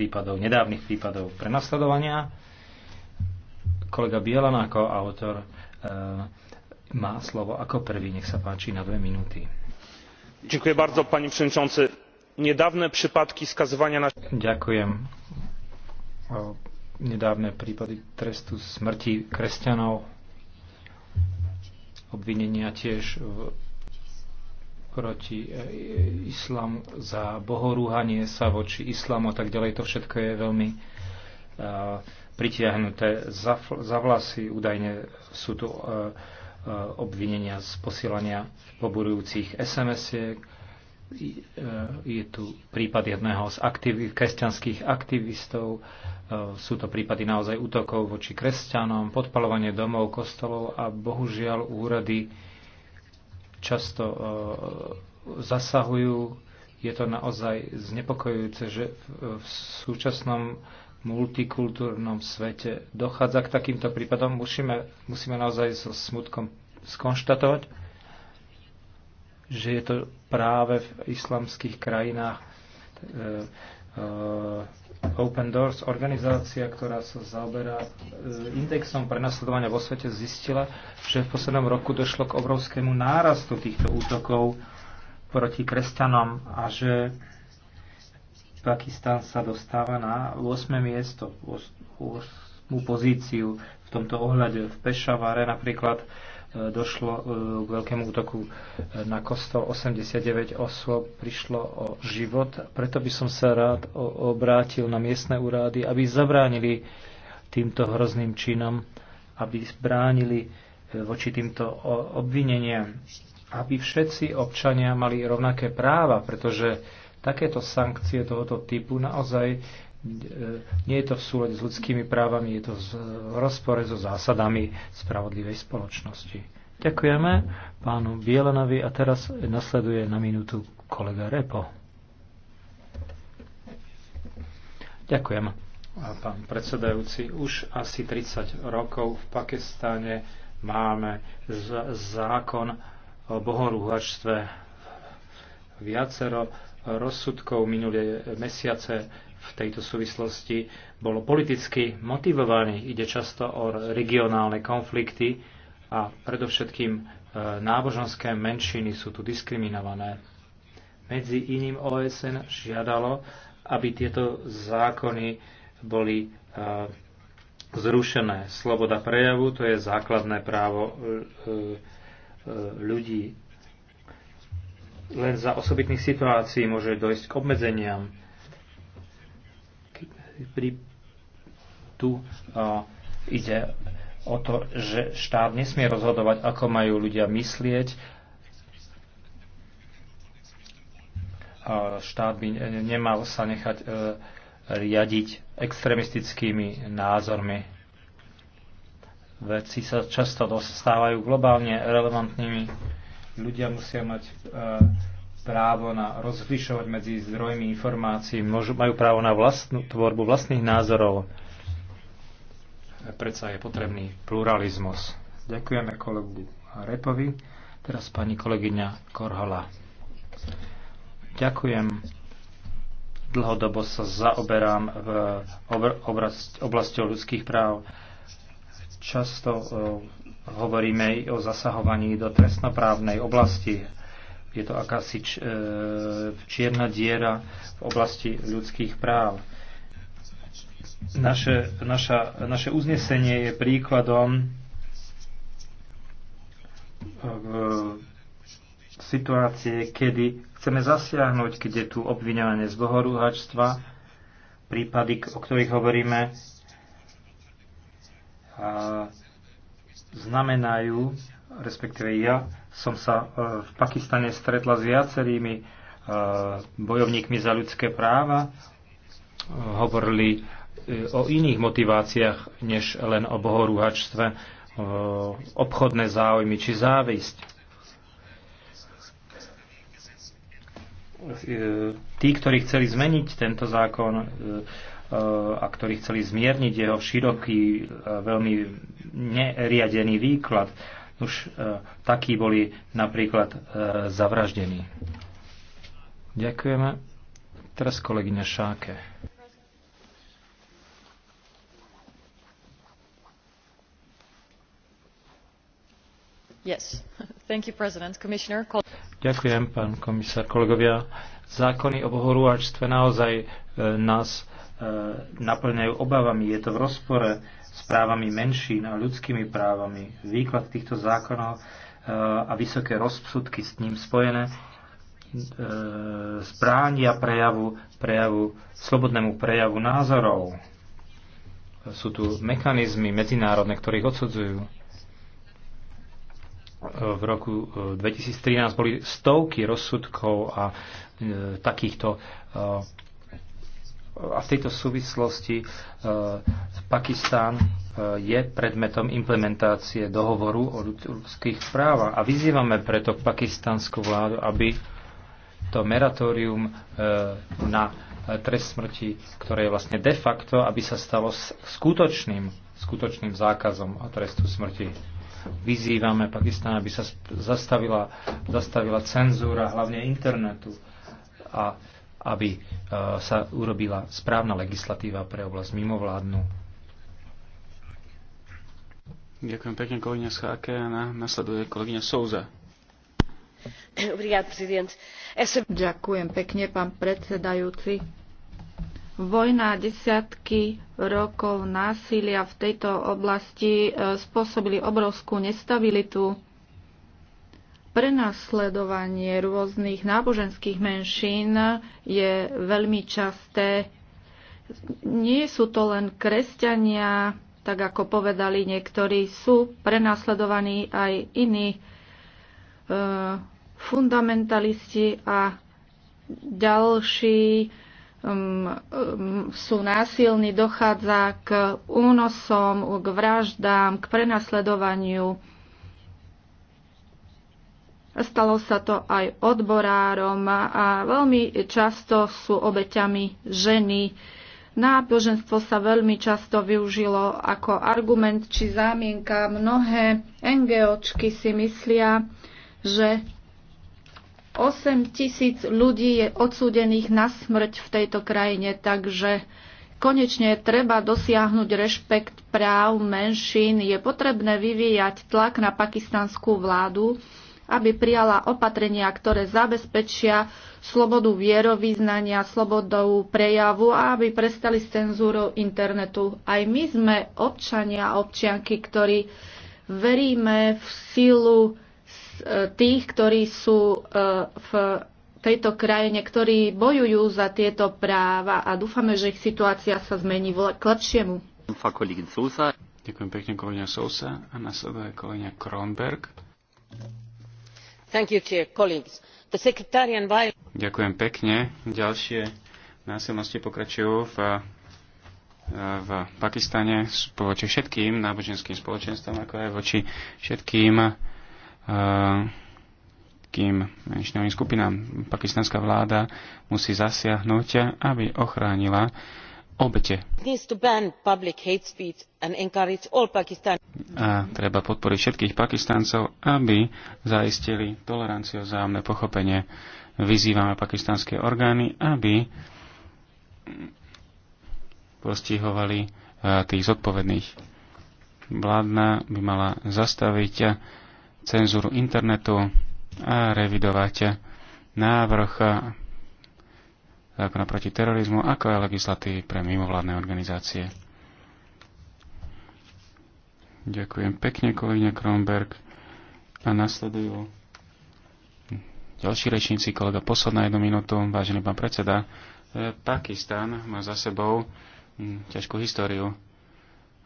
prípadov, nedávnych prípadov prenasledovania. Kolega Bielan ako autor e, má slovo ako prvý. Nech sa páči na dve minúty. Ďakujem bardzo, pani przewodniczący. Niedawne przypadki skazywania na... Ďakujem. O, nedávne prípady trestu smrti kresťanov, obvinenia tiež v proti e, islam, za bohorúhanie sa voči islamu a tak ďalej. To všetko je veľmi e, pritiahnuté za, za vlasy. Údajne sú tu e, obvinenia z posielania poburujúcich SMS-iek. Je tu prípad jedného z aktiv- kresťanských aktivistov. Sú to prípady naozaj útokov voči kresťanom, podpalovanie domov, kostolov a bohužiaľ úrady často e, zasahujú. Je to naozaj znepokojujúce, že v súčasnom multikultúrnom svete dochádza k takýmto prípadom. Musíme, musíme naozaj so smutkom skonštatovať, že je to práve v islamských krajinách e, e, Open Doors, organizácia, ktorá sa zaoberá e, indexom prenasledovania vo svete, zistila, že v poslednom roku došlo k obrovskému nárastu týchto útokov proti kresťanom a že Pakistan sa dostáva na 8. miesto, 8. pozíciu v tomto ohľade. V Pešavare napríklad došlo e, k veľkému útoku e, na kostol. 89 osôb prišlo o život. Preto by som sa rád obrátil na miestne úrady, aby zabránili týmto hrozným činom, aby bránili e, voči týmto obvineniam, aby všetci občania mali rovnaké práva, pretože takéto sankcie tohoto typu naozaj nie je to v súlade s ľudskými právami, je to v rozpore so zásadami spravodlivej spoločnosti. Ďakujeme pánu Bielanovi a teraz nasleduje na minútu kolega Repo. Ďakujem, pán predsedajúci. Už asi 30 rokov v Pakistáne máme zákon o bohorúhačstve. Viacero rozsudkov minulé mesiace v tejto súvislosti bolo politicky motivovaných. Ide často o regionálne konflikty a predovšetkým e, náboženské menšiny sú tu diskriminované. Medzi iným OSN žiadalo, aby tieto zákony boli e, zrušené. Sloboda prejavu to je základné právo e, ľudí. Len za osobitných situácií môže dojsť k obmedzeniam pri, tu a, ide o to, že štát nesmie rozhodovať, ako majú ľudia myslieť. A štát by nemal sa nechať e, riadiť extremistickými názormi. Veci sa často dostávajú globálne relevantnými. Ľudia musia mať e, právo na rozlišovať medzi zdrojmi informácií, môžu, majú právo na vlastnú tvorbu vlastných názorov. Predsa je potrebný pluralizmus. Ďakujeme kolegu Repovi. Teraz pani kolegyňa Korhola. Ďakujem dlhodobo sa zaoberám v oblasti ľudských práv. Často eh, hovoríme o zasahovaní do trestnoprávnej oblasti. Je to akási e, čierna diera v oblasti ľudských práv. Naše, naša, naše uznesenie je príkladom e, situácie, kedy chceme zasiahnuť, keď je tu obviňovanie z bohorúhačstva, prípady, o ktorých hovoríme, a znamenajú respektíve ja, som sa e, v Pakistane stretla s viacerými e, bojovníkmi za ľudské práva. E, hovorili o iných motiváciách, než len o bohorúhačstve, obchodné záujmy či závisť. Tí, ktorí chceli zmeniť tento zákon a ktorí chceli zmierniť jeho široký, veľmi neriadený výklad, už e, takí boli napríklad e, zavraždení. Ďakujeme. Teraz kolegyňa Šáke. Yes. You, Ďakujem, pán komisár, kolegovia. Zákony o bohorúvačstve naozaj e, nás e, naplňajú obavami. Je to v rozpore s právami menšín a ľudskými právami, výklad týchto zákonov e, a vysoké rozsudky s ním spojené spránia e, prejavu, prejavu, slobodnému prejavu názorov. Sú tu mechanizmy medzinárodné, ktorých odsudzujú. E, v roku 2013 boli stovky rozsudkov a takýchto a v tejto súvislosti e, Pakistán e, je predmetom implementácie dohovoru o ľudských právach a vyzývame preto pakistanskú vládu, aby to meratórium e, na trest smrti, ktoré je vlastne de facto, aby sa stalo skutočným, skutočným zákazom a trestu smrti. Vyzývame Pakistán, aby sa zastavila, zastavila cenzúra hlavne internetu a aby e, sa urobila správna legislatíva pre oblasť mimovládnu. Ďakujem pekne, kolegyňa Scháke. A na, nasleduje kolegyňa Souza. Ďakujem pekne, pán predsedajúci. Vojna desiatky rokov násilia v tejto oblasti e, spôsobili obrovskú nestabilitu prenasledovanie rôznych náboženských menšín je veľmi časté. Nie sú to len kresťania, tak ako povedali niektorí, sú prenasledovaní aj iní e, fundamentalisti a ďalší um, um, sú násilní, dochádza k únosom, k vraždám, k prenasledovaniu Stalo sa to aj odborárom a veľmi často sú obeťami ženy. Náboženstvo sa veľmi často využilo ako argument či zámienka. Mnohé NGOčky si myslia, že 8 tisíc ľudí je odsúdených na smrť v tejto krajine, takže konečne treba dosiahnuť rešpekt práv menšín. Je potrebné vyvíjať tlak na pakistanskú vládu, aby prijala opatrenia, ktoré zabezpečia slobodu vierovýznania, slobodu prejavu a aby prestali s cenzúrou internetu. Aj my sme občania a občianky, ktorí veríme v sílu e, tých, ktorí sú e, v tejto krajine, ktorí bojujú za tieto práva a dúfame, že ich situácia sa zmení k lepšiemu. Ďakujem pekne kolegyňa Sousa a nasleduje kolegyňa Kronberg. Ďakujem pekne. Ďalšie násilnosti pokračujú v, eh, v Pakistane voči všetkým náboženským spoločenstvom, ako aj voči všetkým eh, kým menšinovým skupinám. Pakistanská vláda musí zasiahnuť, aby ochránila obete. A treba podporiť všetkých Pakistáncov, aby zaistili toleranciu, vzájomné pochopenie. Vyzývame pakistánske orgány, aby postihovali e, tých zodpovedných. Vládna by mala zastaviť cenzúru internetu a revidovať návrh zákona proti terorizmu, ako aj legislatívy pre mimovládne organizácie. Ďakujem pekne, kolegyňa Kronberg. A nasledujú ďalší rečníci, kolega posled na jednu minútu, vážený pán predseda. E, Pakistan má za sebou hm, ťažkú históriu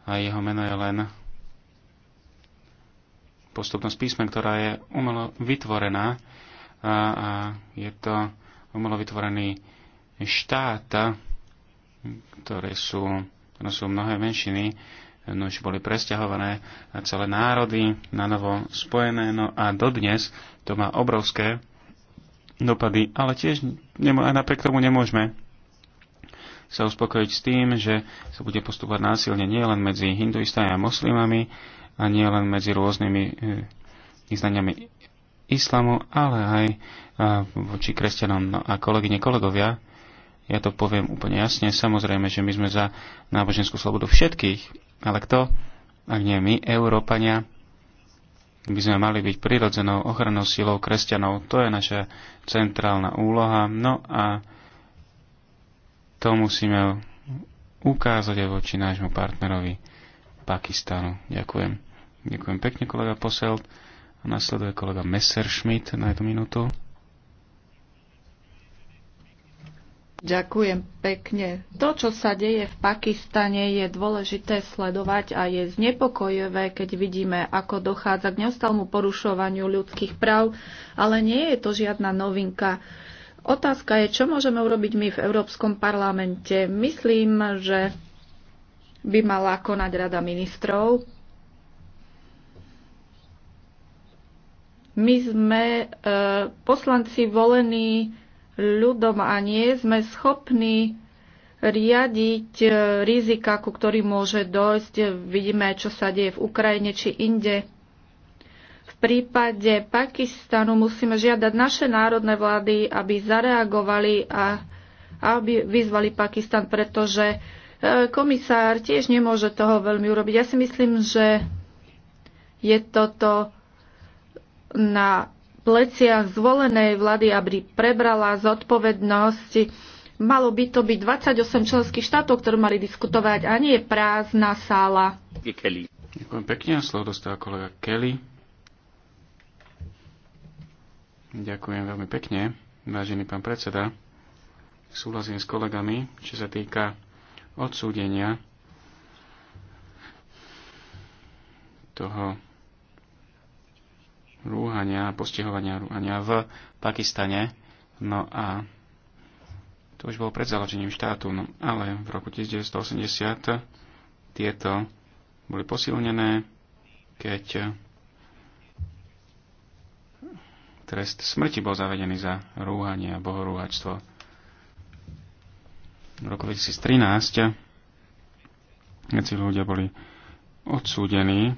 a jeho meno je len postupnosť písme, ktorá je umelo vytvorená a, a je to umelo vytvorený štáta, ktoré sú, ktoré sú mnohé menšiny, no už boli presťahované celé národy, na novo spojené, no a dodnes to má obrovské dopady, ale tiež aj napriek tomu nemôžeme sa uspokojiť s tým, že sa bude postupovať násilne nielen medzi hinduistami a moslimami a nielen medzi rôznymi eh, vyznaniami islamu, ale aj eh, voči kresťanom. No a kolegyne, kolegovia, ja to poviem úplne jasne, samozrejme, že my sme za náboženskú slobodu všetkých, ale kto, ak nie my, Európania, by sme mali byť prirodzenou ochrannou silou kresťanov. To je naša centrálna úloha. No a to musíme ukázať aj voči nášmu partnerovi Pakistanu. Ďakujem. Ďakujem pekne, kolega Poselt. A nasleduje kolega Messerschmidt na jednu minútu. Ďakujem pekne. To, čo sa deje v Pakistane, je dôležité sledovať a je znepokojivé, keď vidíme, ako dochádza k neustalmu porušovaniu ľudských práv, ale nie je to žiadna novinka. Otázka je, čo môžeme urobiť my v Európskom parlamente. Myslím, že by mala konať Rada ministrov. My sme e, poslanci volení ľudom a nie sme schopní riadiť e, rizika, ku ktorým môže dojsť. Vidíme, čo sa deje v Ukrajine či inde. V prípade Pakistanu musíme žiadať naše národné vlády, aby zareagovali a aby vyzvali Pakistan, pretože e, komisár tiež nemôže toho veľmi urobiť. Ja si myslím, že je toto na pleciach zvolenej vlády, aby prebrala zodpovednosť. Malo by to byť 28 členských štátov, ktoré mali diskutovať, a nie prázdna sála. Ďakujem pekne a slovo dostáva kolega Kelly. Ďakujem veľmi pekne, vážený pán predseda. Súhlasím s kolegami, čo sa týka odsúdenia toho rúhania, postihovania rúhania v Pakistane. No a to už bolo pred založením štátu, no ale v roku 1980 tieto boli posilnené, keď trest smrti bol zavedený za rúhanie a bohorúhačstvo. V roku 2013 keď ľudia boli odsúdení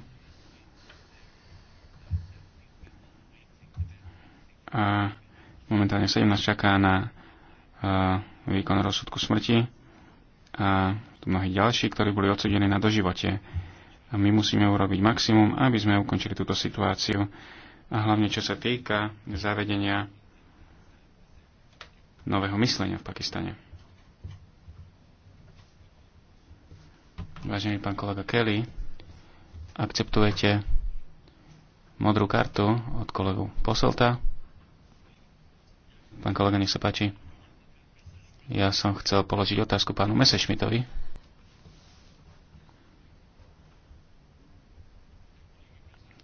a momentálne 17 čaká na e, výkon rozsudku smrti a mnohí ďalší, ktorí boli odsudení na doživote. A my musíme urobiť maximum, aby sme ukončili túto situáciu. A hlavne čo sa týka zavedenia nového myslenia v Pakistane. Vážený pán kolega Kelly, akceptujete modrú kartu od kolegu Poselta? Pán kolega, nech sa páči. Ja som chcel položiť otázku pánu Mesešmitovi.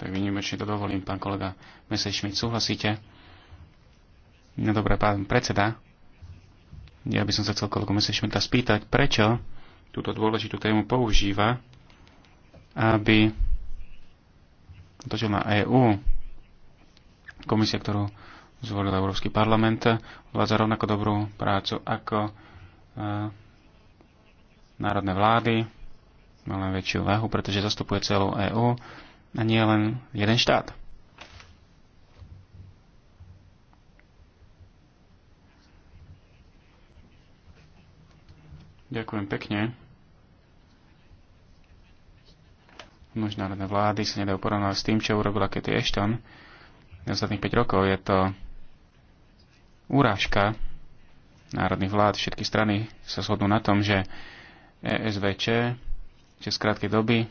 Tak vynimočne to dovolím, pán kolega Mesešmit. Súhlasíte? No dobré, pán predseda. Ja by som sa chcel kolegu Mesešmita spýtať, prečo túto dôležitú tému používa, aby to, čo má EU, komisia, ktorú zvolil Európsky parlament, za rovnako dobrú prácu ako e, národné vlády, má len väčšiu váhu, pretože zastupuje celú EÚ a nie len jeden štát. Ďakujem pekne. Možnárodné vlády sa nedajú porovnať s tým, čo urobila Katie Ashton. Na ostatných 5 rokov je to urážka národných vlád. Všetky strany sa shodnú na tom, že ESVČ, že z krátkej doby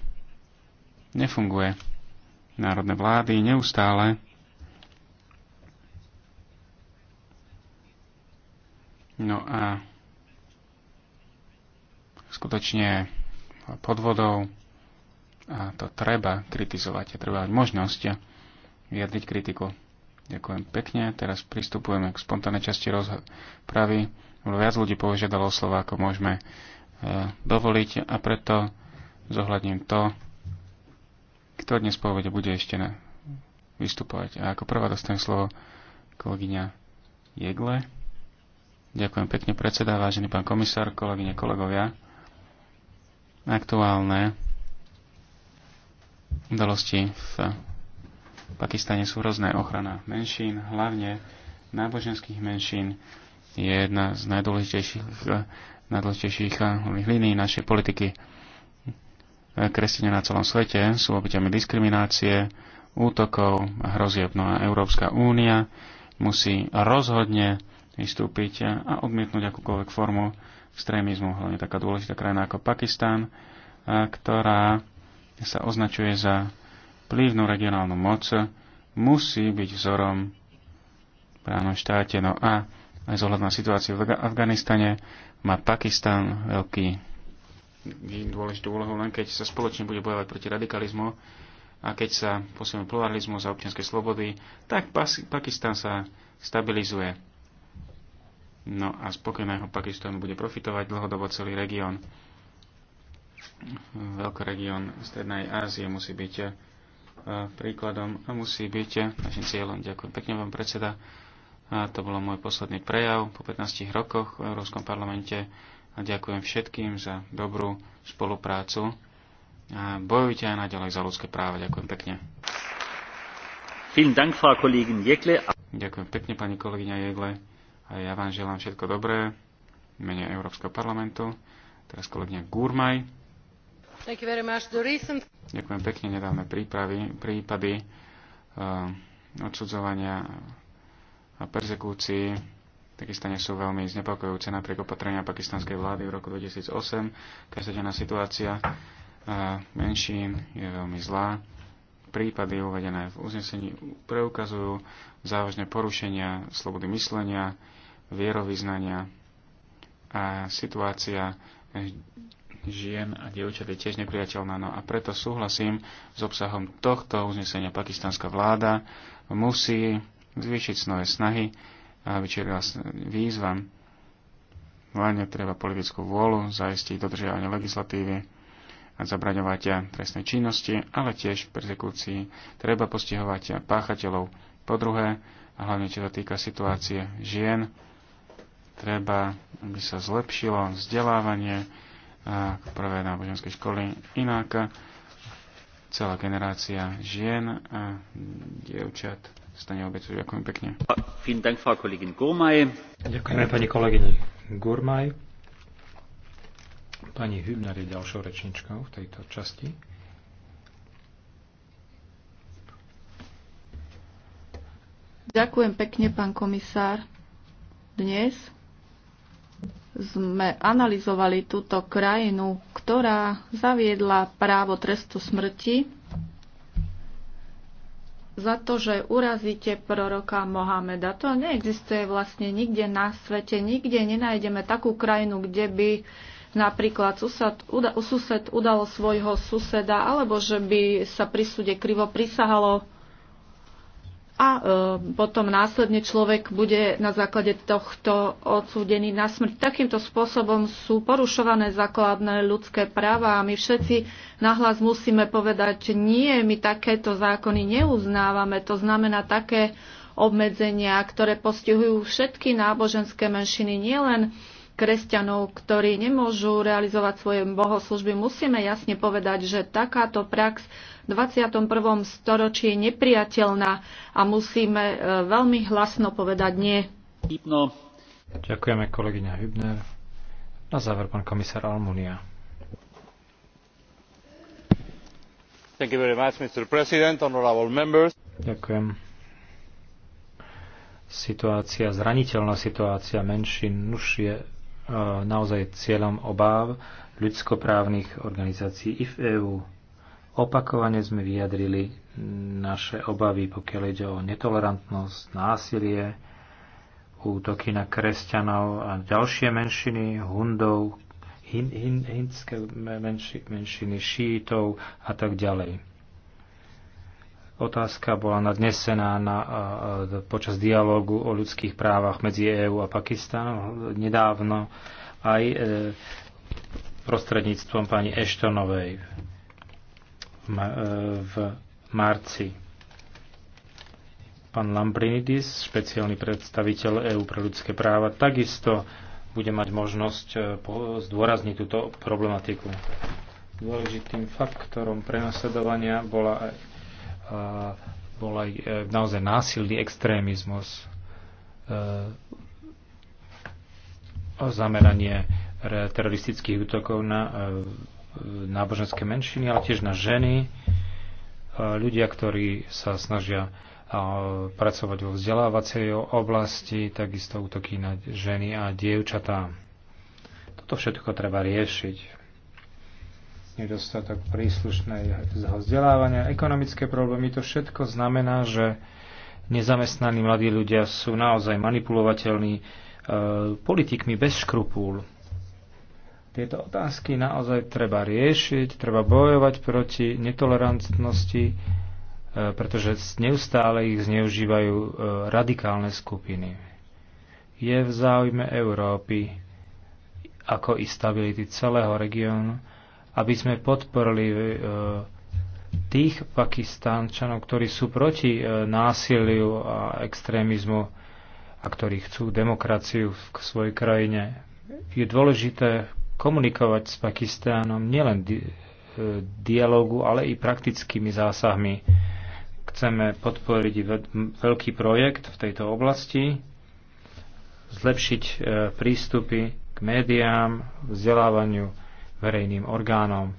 nefunguje. Národné vlády neustále No a skutočne podvodov a to treba kritizovať a treba mať možnosť vyjadriť kritiku. Ďakujem pekne. Teraz pristupujeme k spontánnej časti rozpravy. Viac ľudí požiadalo slova, ako môžeme e, dovoliť a preto zohľadním to, kto dnes povede bude ešte na, vystupovať. A ako prvá dostanem slovo kolegyňa Jegle. Ďakujem pekne predseda, vážený pán komisár, kolegyne, kolegovia. Aktuálne udalosti v v Pakistane sú rôzne ochrana menšín, hlavne náboženských menšín. Je jedna z najdôležitejších, najdôležitejších eh, línií našej politiky. Kresťania na celom svete sú obeťami diskriminácie, útokov a hrozieb. No a Európska únia musí rozhodne vystúpiť a odmietnúť akúkoľvek formu extrémizmu, hlavne taká dôležitá krajina ako Pakistan, eh, ktorá sa označuje za vplyvnú regionálnu moc musí byť vzorom právnom štáte. No a aj zohľad na situáciu v Afganistane má Pakistan veľký dôležitú úlohu, len keď sa spoločne bude bojovať proti radikalizmu a keď sa posilní pluralizmu a občianske slobody, tak Pakistan sa stabilizuje. No a z spokojného Pakistanu bude profitovať dlhodobo celý región. Veľký región Strednej Ázie musí byť príkladom a musí byť našim cieľom. Ďakujem pekne vám, predseda. A to bolo môj posledný prejav po 15 rokoch v Európskom parlamente a ďakujem všetkým za dobrú spoluprácu. A bojujte aj naďalej za ľudské práva. Ďakujem pekne. Ďakujem pekne, pani kolegyňa Jegle. A ja vám želám všetko dobré v mene Európskeho parlamentu. Teraz kolegyňa Gurmaj. Recent... Ďakujem pekne, nedávne prípravy, prípady uh, odsudzovania a persekúcií v Pakistane sú veľmi znepokojujúce napriek opatrenia pakistanskej vlády v roku 2008. Každodenná situácia uh, menšín je veľmi zlá. Prípady uvedené v uznesení preukazujú závažné porušenia slobody myslenia, vierovýznania a situácia žien a dievčat je tiež nepriateľná. No a preto súhlasím s obsahom tohto uznesenia. Pakistánska vláda musí zvýšiť svoje snahy, a vyčerila výzvam. Hlavne treba politickú vôľu, zaistiť dodržiavanie legislatívy a zabraňovať trestnej činnosti, ale tiež persekúcii. Treba postihovať páchateľov. Po druhé, a hlavne čo sa týka situácie žien, treba, aby sa zlepšilo vzdelávanie, k prvé náboženskej školy. Inak celá generácia žien a dievčat stane obecujú. Ďakujem pekne. Ďakujeme pani kolegyni Gurmaj. Pani Hübner je ďalšou rečničkou v tejto časti. Ďakujem pekne, pán komisár. Dnes sme analyzovali túto krajinu, ktorá zaviedla právo trestu smrti za to, že urazíte proroka Mohameda. To neexistuje vlastne nikde na svete, nikde nenájdeme takú krajinu, kde by napríklad sused, uda, sused udal svojho suseda, alebo že by sa pri súde krivo prisahalo a e, potom následne človek bude na základe tohto odsúdený na smrť. Takýmto spôsobom sú porušované základné ľudské práva a my všetci nahlas musíme povedať, nie, my takéto zákony neuznávame. To znamená také obmedzenia, ktoré postihujú všetky náboženské menšiny, nielen kresťanov, ktorí nemôžu realizovať svoje bohoslužby. Musíme jasne povedať, že takáto prax v 21. storočí je nepriateľná a musíme e, veľmi hlasno povedať nie. Hybno. Ďakujeme kolegyňa Hübner. Na záver pán komisár Almunia. Thank you very much, Mr. President, honorable members. Ďakujem situácia, zraniteľná situácia menšín už je E, naozaj cieľom obáv ľudskoprávnych organizácií i v EÚ. Opakovane sme vyjadrili naše obavy, pokiaľ ide o netolerantnosť, násilie, útoky na kresťanov a ďalšie menšiny, hundov, hindské hinské menši, menšiny, šítov a tak ďalej. Otázka bola nadnesená na, počas dialógu o ľudských právach medzi EÚ a Pakistanom nedávno aj e, prostredníctvom pani Eštonovej e, v marci. Pán Lambrinidis, špeciálny predstaviteľ EÚ pre ľudské práva, takisto bude mať možnosť e, zdôrazniť túto problematiku. Dôležitým faktorom prenasledovania bola aj bol aj e, naozaj násilný extrémizmus, e, zameranie teroristických útokov na e, náboženské menšiny, ale tiež na ženy, ľudia, ktorí sa snažia pracovať vo vzdelávacej oblasti, takisto útoky na ženy a dievčatá. Toto všetko treba riešiť nedostatok príslušného vzdelávania, ekonomické problémy, to všetko znamená, že nezamestnaní mladí ľudia sú naozaj manipulovateľní e, politikmi bez škrupúl. Tieto otázky naozaj treba riešiť, treba bojovať proti netolerantnosti, e, pretože neustále ich zneužívajú e, radikálne skupiny. Je v záujme Európy, ako i stability celého regiónu, aby sme podporili e, tých pakistánčanov, ktorí sú proti e, násiliu a extrémizmu a ktorí chcú demokraciu v svojej krajine. Je dôležité komunikovať s Pakistánom nielen di- e, dialogu, ale i praktickými zásahmi. Chceme podporiť veľký projekt v tejto oblasti, zlepšiť prístupy k médiám, vzdelávaniu verejným orgánom.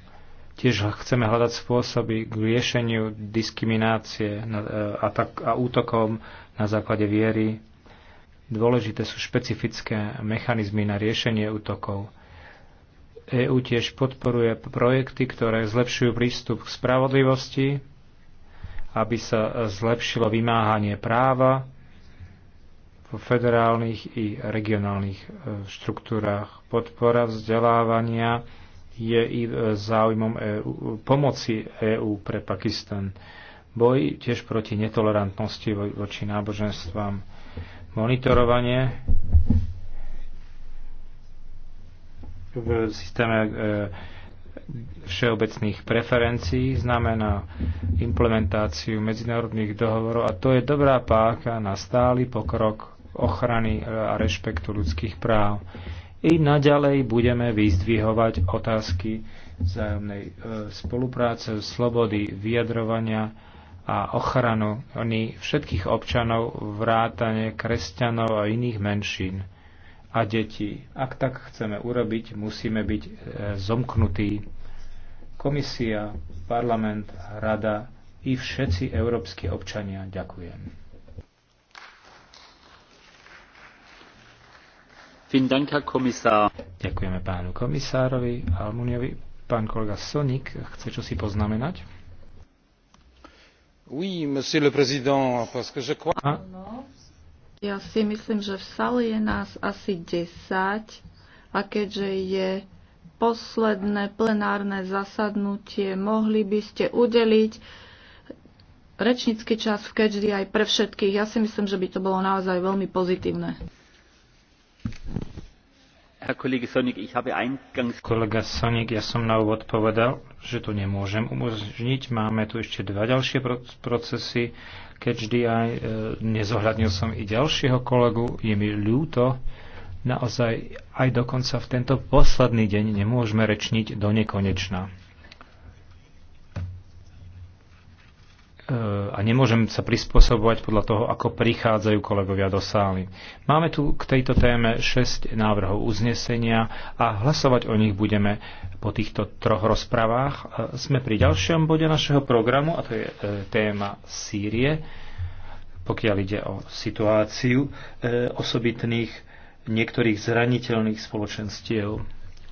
Tiež chceme hľadať spôsoby k riešeniu diskriminácie e, a útokom na základe viery. Dôležité sú špecifické mechanizmy na riešenie útokov. EÚ tiež podporuje projekty, ktoré zlepšujú prístup k spravodlivosti, aby sa zlepšilo vymáhanie práva v federálnych i regionálnych e, štruktúrách, podpora vzdelávania, je i e, záujmom EU, pomoci EÚ pre Pakistan. Boj tiež proti netolerantnosti voči náboženstvám. Monitorovanie v systéme e, všeobecných preferencií znamená implementáciu medzinárodných dohovorov a to je dobrá páka na stály pokrok ochrany e, a rešpektu ľudských práv. I naďalej budeme vyzdvihovať otázky vzájomnej e, spolupráce, slobody, vyjadrovania a ochranu oni všetkých občanov, vrátane kresťanov a iných menšín a detí. Ak tak chceme urobiť, musíme byť e, zomknutí. Komisia, parlament, rada i všetci európsky občania. Ďakujem. Ďakujeme pánu komisárovi Almuniovi. Pán kolega Sonik chce čo si poznamenať? Oui, monsieur le président, parce que je crois... ja si myslím, že v sali je nás asi 10 a keďže je posledné plenárne zasadnutie, mohli by ste udeliť rečnícky čas v KHD aj pre všetkých. Ja si myslím, že by to bolo naozaj veľmi pozitívne. Kolega Sonik, ja som na úvod povedal, že to nemôžem umožniť. Máme tu ešte dva ďalšie procesy. Keď vždy aj nezohľadnil som i ďalšieho kolegu, je mi ľúto. Naozaj aj dokonca v tento posledný deň nemôžeme rečniť do nekonečna. a nemôžem sa prispôsobovať podľa toho, ako prichádzajú kolegovia do sály. Máme tu k tejto téme 6 návrhov uznesenia a hlasovať o nich budeme po týchto troch rozprávach. Sme pri ďalšom bode našeho programu a to je e, téma Sýrie, pokiaľ ide o situáciu e, osobitných niektorých zraniteľných spoločenstiev.